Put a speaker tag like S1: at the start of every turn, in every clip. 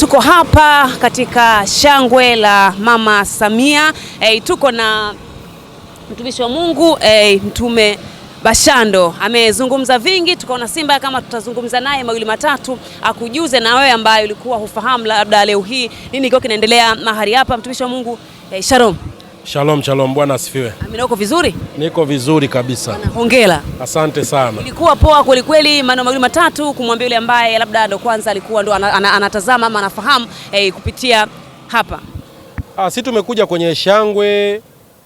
S1: Tuko hapa katika shangwe la Mama Samia. E, tuko na mtumishi wa Mungu e, Mtume Bashando amezungumza vingi, tukaona Simba kama tutazungumza naye mawili matatu, akujuze na wewe ambaye ulikuwa hufahamu labda leo hii nini kiko kinaendelea mahali hapa. Mtumishi wa Mungu e, Shalom.
S2: Shalom, shalom, Bwana asifiwe.
S1: Amina, uko vizuri?
S2: Niko vizuri kabisa. Hongera. Asante sana.
S1: Ilikuwa poa kweli kweli, maneno mawili matatu kumwambia yule ambaye labda ndo kwanza alikuwa ndo anatazama ama anafahamu eh, kupitia hapa.
S2: Ah, si tumekuja kwenye shangwe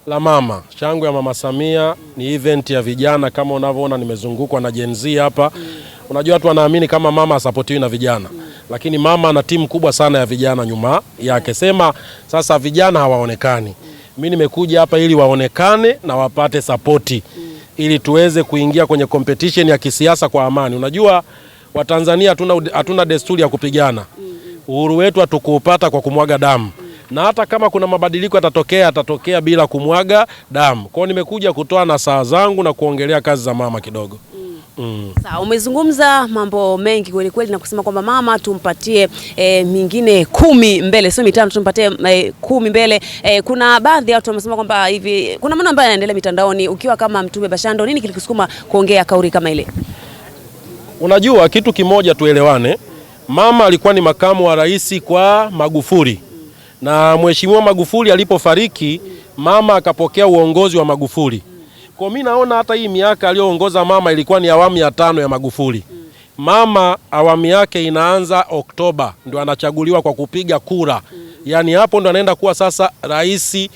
S2: la mama, shangwe ya Mama Samia. Ni event ya vijana kama unavyoona, nimezungukwa na Gen Z hapa mm. Unajua watu wanaamini kama mama asapotiwi na vijana mm. Lakini mama ana timu kubwa sana ya vijana nyuma yake, sema sasa vijana hawaonekani mm. Mimi nimekuja hapa ili waonekane na wapate sapoti ili tuweze kuingia kwenye competition ya kisiasa kwa amani. Unajua Watanzania hatuna, hatuna desturi ya kupigana. Uhuru wetu hatukuupata kwa kumwaga damu, na hata kama kuna mabadiliko yatatokea, yatatokea bila kumwaga damu. Kwao nimekuja kutoa nasaha zangu na kuongelea kazi za mama kidogo.
S1: Mm. Sawa, umezungumza mambo mengi kweli kweli na kusema kwamba mama tumpatie e, mingine kumi mbele sio mitano tumpatie e, kumi mbele e, kuna baadhi ya watu wamesema kwamba hivi kuna maneno ambayo yanaendelea mitandaoni ukiwa kama Mtume Bashando nini kilikusukuma kuongea kauli kama ile?
S2: Unajua kitu kimoja tuelewane. Mama alikuwa ni makamu wa rais kwa Magufuli na Mheshimiwa Magufuli alipofariki mama akapokea uongozi wa Magufuli kwa mimi naona hata hii miaka aliyoongoza mama ilikuwa ni awamu ya tano ya Magufuli. Mm. Mama awamu yake inaanza Oktoba, ndio anachaguliwa kwa kupiga kura, mm. yaani hapo ndo anaenda kuwa sasa rais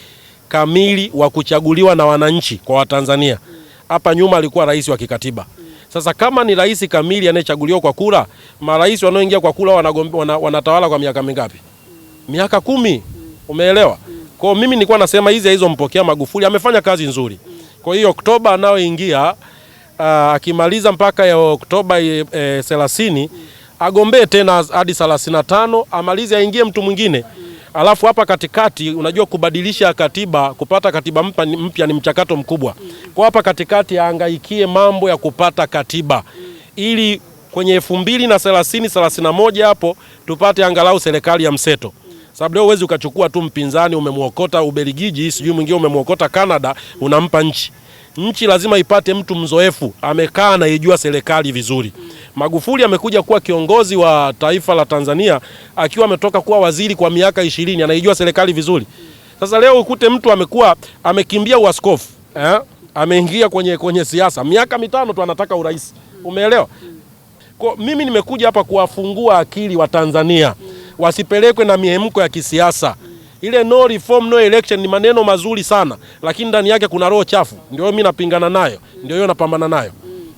S2: kamili wa kuchaguliwa na wananchi kwa Watanzania. Mm. Hapa nyuma alikuwa rais wa kikatiba. Sasa kama ni rais kamili anayechaguliwa kwa kura, marais wanaoingia kwa kura wanatawala wana, kwa miaka mingapi? Miaka kumi. Umeelewa? Kwa mimi nilikuwa nasema hizi alizompokea Magufuli amefanya kazi nzuri. Kwa hiyo Oktoba anayoingia uh, akimaliza mpaka ya Oktoba 30 eh, e, agombee tena hadi 35 amalize, aingie mtu mwingine. Alafu hapa katikati, unajua kubadilisha katiba, kupata katiba mpya ni mchakato mkubwa. Kwa hapa katikati ahangaikie mambo ya kupata katiba ili kwenye elfu mbili na thelathini thelathini na moja hapo tupate angalau serikali ya mseto sababu leo huwezi ukachukua tu mpinzani umemwokota Ubelgiji, sijui mwingine umemwokota Canada, unampa nchi nchi lazima ipate mtu mzoefu, amekaa anaijua serikali vizuri. Magufuli amekuja kuwa kiongozi wa taifa la Tanzania akiwa ametoka kuwa waziri kwa miaka ishirini, anaijua serikali vizuri. Sasa leo ukute mtu amekuwa amekimbia uaskofu eh? ameingia kwenye, kwenye siasa miaka mitano tu anataka urais, umeelewa? Kwa mimi nimekuja hapa kuwafungua akili wa Tanzania wasipelekwe na mihemko ya kisiasa. Ile no reform no election ni maneno mazuri sana, lakini ndani yake kuna roho chafu. Ndio mimi napingana nayo, ndio hiyo napambana nayo.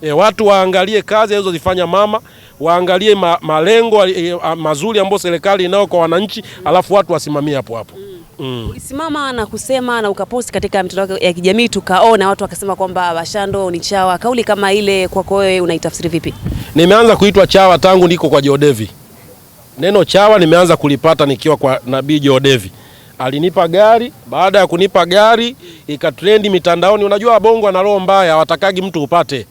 S2: E, watu waangalie kazi alizozifanya mama, waangalie ma, malengo e, mazuri ambayo serikali inayo kwa wananchi, alafu watu wasimamie hapo hapo.
S1: Mm. Ulisimama na kusema na ukaposti katika mitandao ya kijamii tukaona watu wakasema kwamba Bashando ni chawa. Kauli kama ile kwako wewe unaitafsiri vipi?
S2: Nimeanza kuitwa chawa tangu niko kwa Jodevi. Neno chawa nimeanza kulipata nikiwa kwa Nabii Jodevi. Alinipa gari, baada ya kunipa gari ikatrendi mitandaoni. Unajua wabongo ana roho mbaya, watakagi mtu upate.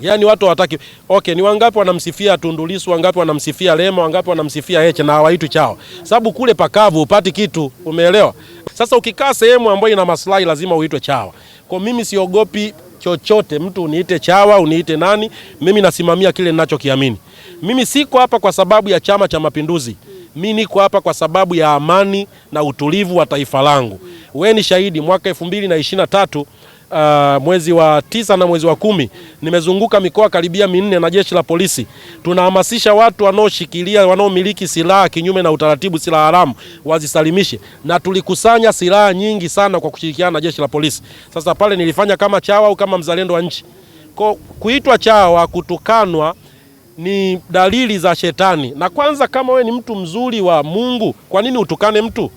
S2: Yaani watu hawataki. Okay, ni wangapi wanamsifia Tundu Lissu, wangapi wanamsifia Lema, wangapi wanamsifia Heche na hawaitu chao? Sababu kule pakavu upati kitu, umeelewa? Sasa ukikaa sehemu ambayo ina maslahi lazima uitwe chao. Kwa mimi siogopi chochote, mtu uniite chawa uniite nani, mimi nasimamia kile ninachokiamini. Mimi siko hapa kwa sababu ya Chama cha Mapinduzi, mimi niko hapa kwa sababu ya amani na utulivu wa taifa langu. Wewe ni shahidi, mwaka elfu mbili na ishirini na tatu uh, mwezi wa tisa na mwezi wa kumi nimezunguka mikoa karibia minne na jeshi la polisi. Tunahamasisha watu wanaoshikilia, wanaomiliki silaha kinyume na utaratibu, silaha haramu wazisalimishe, na tulikusanya silaha nyingi sana kwa kushirikiana na jeshi la polisi. Sasa pale nilifanya kama chawa au kama mzalendo wa nchi. Kwa kuitwa chawa, kutukanwa ni dalili za shetani. Na kwanza, kama we ni mtu mzuri wa Mungu, kwa nini utukane mtu?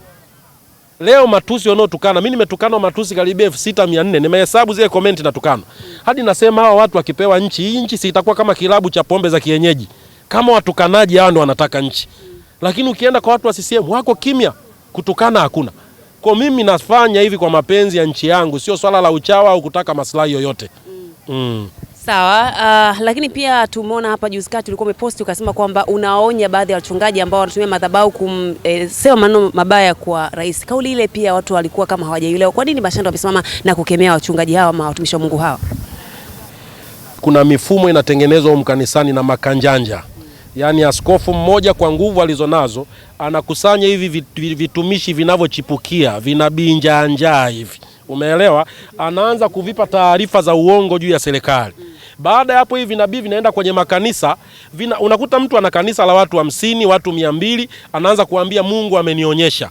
S2: Leo matusi wanaotukana, mimi nimetukana matusi karibia elfu sita mia nne nimehesabu zile comment na tukana hadi nasema hawa watu wakipewa nchi hii, nchi si itakuwa kama kilabu cha pombe za kienyeji, kama watukanaji hawa ndo wanataka nchi. Lakini ukienda kwa watu wa CCM wako kimya, kutukana hakuna. Kwa mimi nafanya hivi kwa mapenzi ya nchi yangu, sio swala la uchawa au kutaka maslahi yoyote.
S1: Mm. Sawa. Uh, lakini pia tumeona hapa juzi kati ulikuwa umeposti ukasema kwamba unaonya baadhi ya wachungaji ambao wanatumia madhabahu kumsema eh, maneno mabaya kwa rais. Kauli ile pia watu walikuwa kama hawajaielewa. Kwa nini Bashando wamesimama na kukemea wachungaji hawa ama watumishi wa Mungu hawa?
S2: Kuna mifumo inatengenezwa umkanisani na makanjanja, yaani askofu mmoja kwa nguvu alizonazo anakusanya hivi vitumishi vinavyochipukia vinabinjaanjaa hivi, umeelewa? Anaanza kuvipa taarifa za uongo juu ya serikali baada ya hapo, hivi vinabii vinaenda kwenye makanisa vina, unakuta mtu ana kanisa la watu hamsini wa watu mia mbili anaanza kuambia Mungu amenionyesha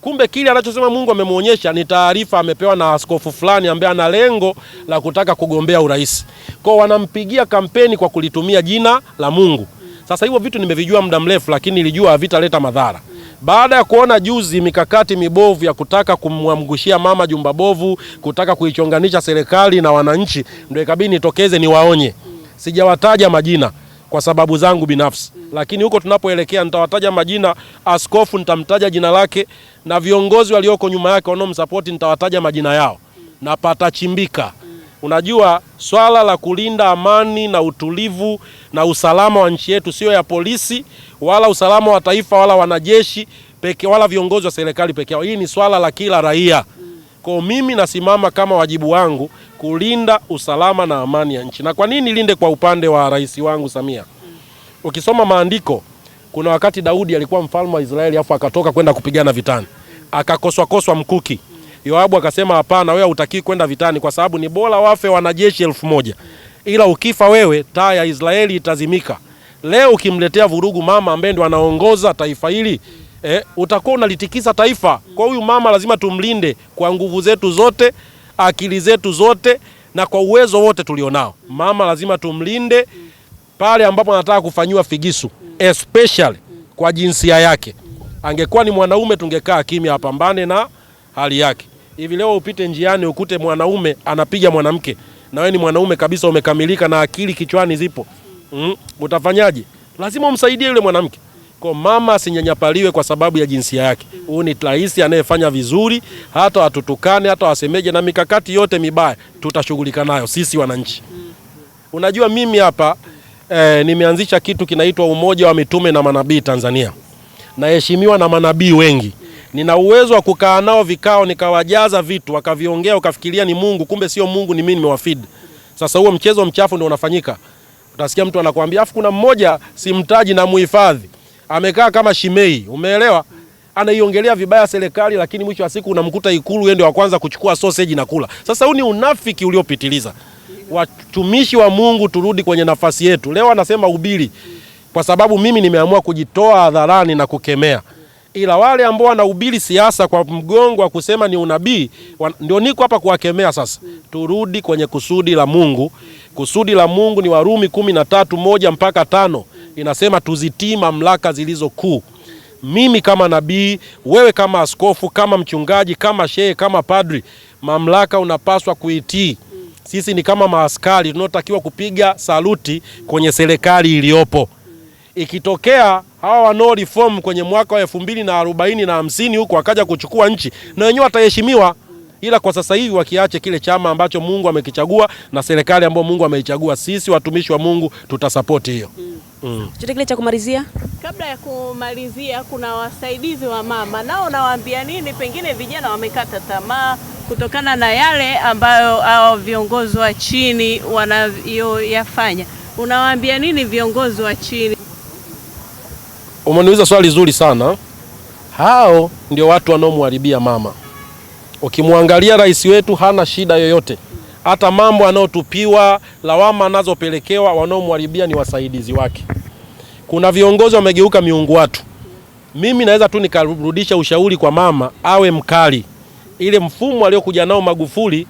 S2: kumbe kile anachosema Mungu amemwonyesha ni taarifa amepewa na askofu fulani ambaye ana lengo la kutaka kugombea urais. Kwa wanampigia kampeni kwa kulitumia jina la Mungu. Sasa hivyo vitu nimevijua muda mrefu, lakini nilijua havitaleta madhara. Baada ya kuona juzi mikakati mibovu ya kutaka kumwamgushia mama jumba bovu, kutaka kuichonganisha serikali na wananchi, ndio ikabidi nitokeze niwaonye. Sijawataja majina kwa sababu zangu binafsi, lakini huko tunapoelekea nitawataja majina. Askofu nitamtaja jina lake, na viongozi walioko nyuma yake wanaomsapoti nitawataja majina yao, na patachimbika. Unajua, swala la kulinda amani na utulivu na usalama wa nchi yetu sio ya polisi wala usalama wa taifa wala wanajeshi peke wala viongozi wa serikali peke yao. Hii ni swala la kila raia. Kwa mimi nasimama kama wajibu wangu kulinda usalama na amani ya nchi. Na kwa nini linde kwa upande wa rais wangu Samia? Ukisoma maandiko, kuna wakati Daudi alikuwa mfalme wa Israeli afu akatoka kwenda kupigana vitani, akakoswa koswa mkuki Yoabu akasema hapana, wewe hutaki kwenda vitani kwa sababu ni bora wafe wanajeshi elfu moja ila ukifa wewe taa ya Israeli itazimika. Leo ukimletea vurugu mama ambaye ndo anaongoza taifa hili eh, utakuwa unalitikisa taifa. Kwa huyu mama lazima tumlinde kwa nguvu zetu zote, akili zetu zote na kwa uwezo wote tulionao. Mama lazima tumlinde pale ambapo anataka kufanyiwa figisu, especially kwa jinsia yake. Angekuwa ni mwanaume tungekaa kimya, apambane na hali yake. Hivi leo upite njiani ukute mwanaume anapiga mwanamke na wewe ni mwanaume kabisa, umekamilika na akili kichwani zipo mm, utafanyaje? Lazima umsaidie yule mwanamke. Kwa mama asinyanyapaliwe kwa sababu ya jinsia yake. Huyu ni rais anayefanya vizuri, hata watutukane, hata wasemeje, na mikakati yote mibaya tutashughulika nayo sisi wananchi. Unajua mimi hapa eh, nimeanzisha kitu kinaitwa Umoja wa Mitume na Manabii Tanzania. Naheshimiwa na manabii wengi nina uwezo wa kukaa nao vikao nikawajaza vitu wakaviongea, ukafikiria ni Mungu, kumbe sio Mungu, ni mimi nimewafeed. Sasa huo mchezo mchafu ndio unafanyika. Utasikia mtu anakuambia, afu kuna mmoja simtaji na muhifadhi, amekaa kama Shimei, umeelewa? Anaiongelea vibaya serikali, lakini mwisho wa siku unamkuta Ikulu yeye ndio wa kwanza kuchukua sausage na kula. Sasa huu ni unafiki uliopitiliza. Watumishi wa Mungu, turudi kwenye nafasi yetu. Leo anasema ubiri, kwa sababu mimi nimeamua kujitoa hadharani na kukemea ila wale ambao wanahubiri siasa kwa mgongo wa kusema ni unabii, ndio niko hapa kuwakemea. Sasa turudi kwenye kusudi la Mungu. Kusudi la Mungu ni Warumi kumi na tatu moja mpaka tano inasema tuzitii mamlaka zilizo kuu. Mimi kama nabii, wewe kama askofu, kama mchungaji, kama shehe, kama padri, mamlaka unapaswa kuitii. Sisi ni kama maaskari tunaotakiwa kupiga saluti kwenye serikali iliyopo. Ikitokea hawa wanao reform kwenye mwaka wa elfu mbili na arobaini na hamsini huko wakaja kuchukua nchi na wenyewe wataheshimiwa, ila kwa sasa hivi wakiache kile chama ambacho Mungu amekichagua na serikali ambayo Mungu ameichagua. Sisi watumishi wa Mungu tutasapoti hiyo mm.
S1: mm. chote kile cha kumalizia.
S3: Kabla ya kumalizia, kuna wasaidizi wa mama, nao nawaambia nini? Pengine vijana wamekata tamaa kutokana na yale ambayo hao viongozi wa chini wanayoyafanya, unawaambia nini viongozi wa chini?
S2: Umeniuliza swali zuri sana. Hao ndio watu wanaomharibia mama. Ukimwangalia rais wetu hana shida yoyote, hata mambo anayotupiwa lawama anazopelekewa, wanaomharibia ni wasaidizi wake. Kuna viongozi wamegeuka miungu watu. Mimi naweza tu nikarudisha ushauri kwa mama, awe mkali. Ile mfumo aliyokuja nao Magufuli,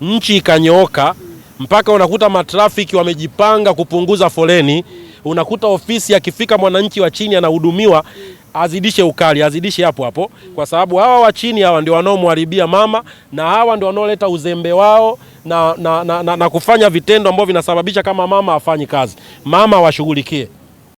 S2: nchi ikanyooka mpaka unakuta matrafiki wamejipanga kupunguza foleni Unakuta ofisi akifika mwananchi wa chini anahudumiwa, azidishe ukali, azidishe hapo hapo, kwa sababu hawa wa chini hawa ndio wanaomharibia mama na hawa ndio wanaoleta uzembe wao na, na, na, na, na kufanya vitendo ambavyo vinasababisha kama mama afanyi kazi. Mama washughulikie.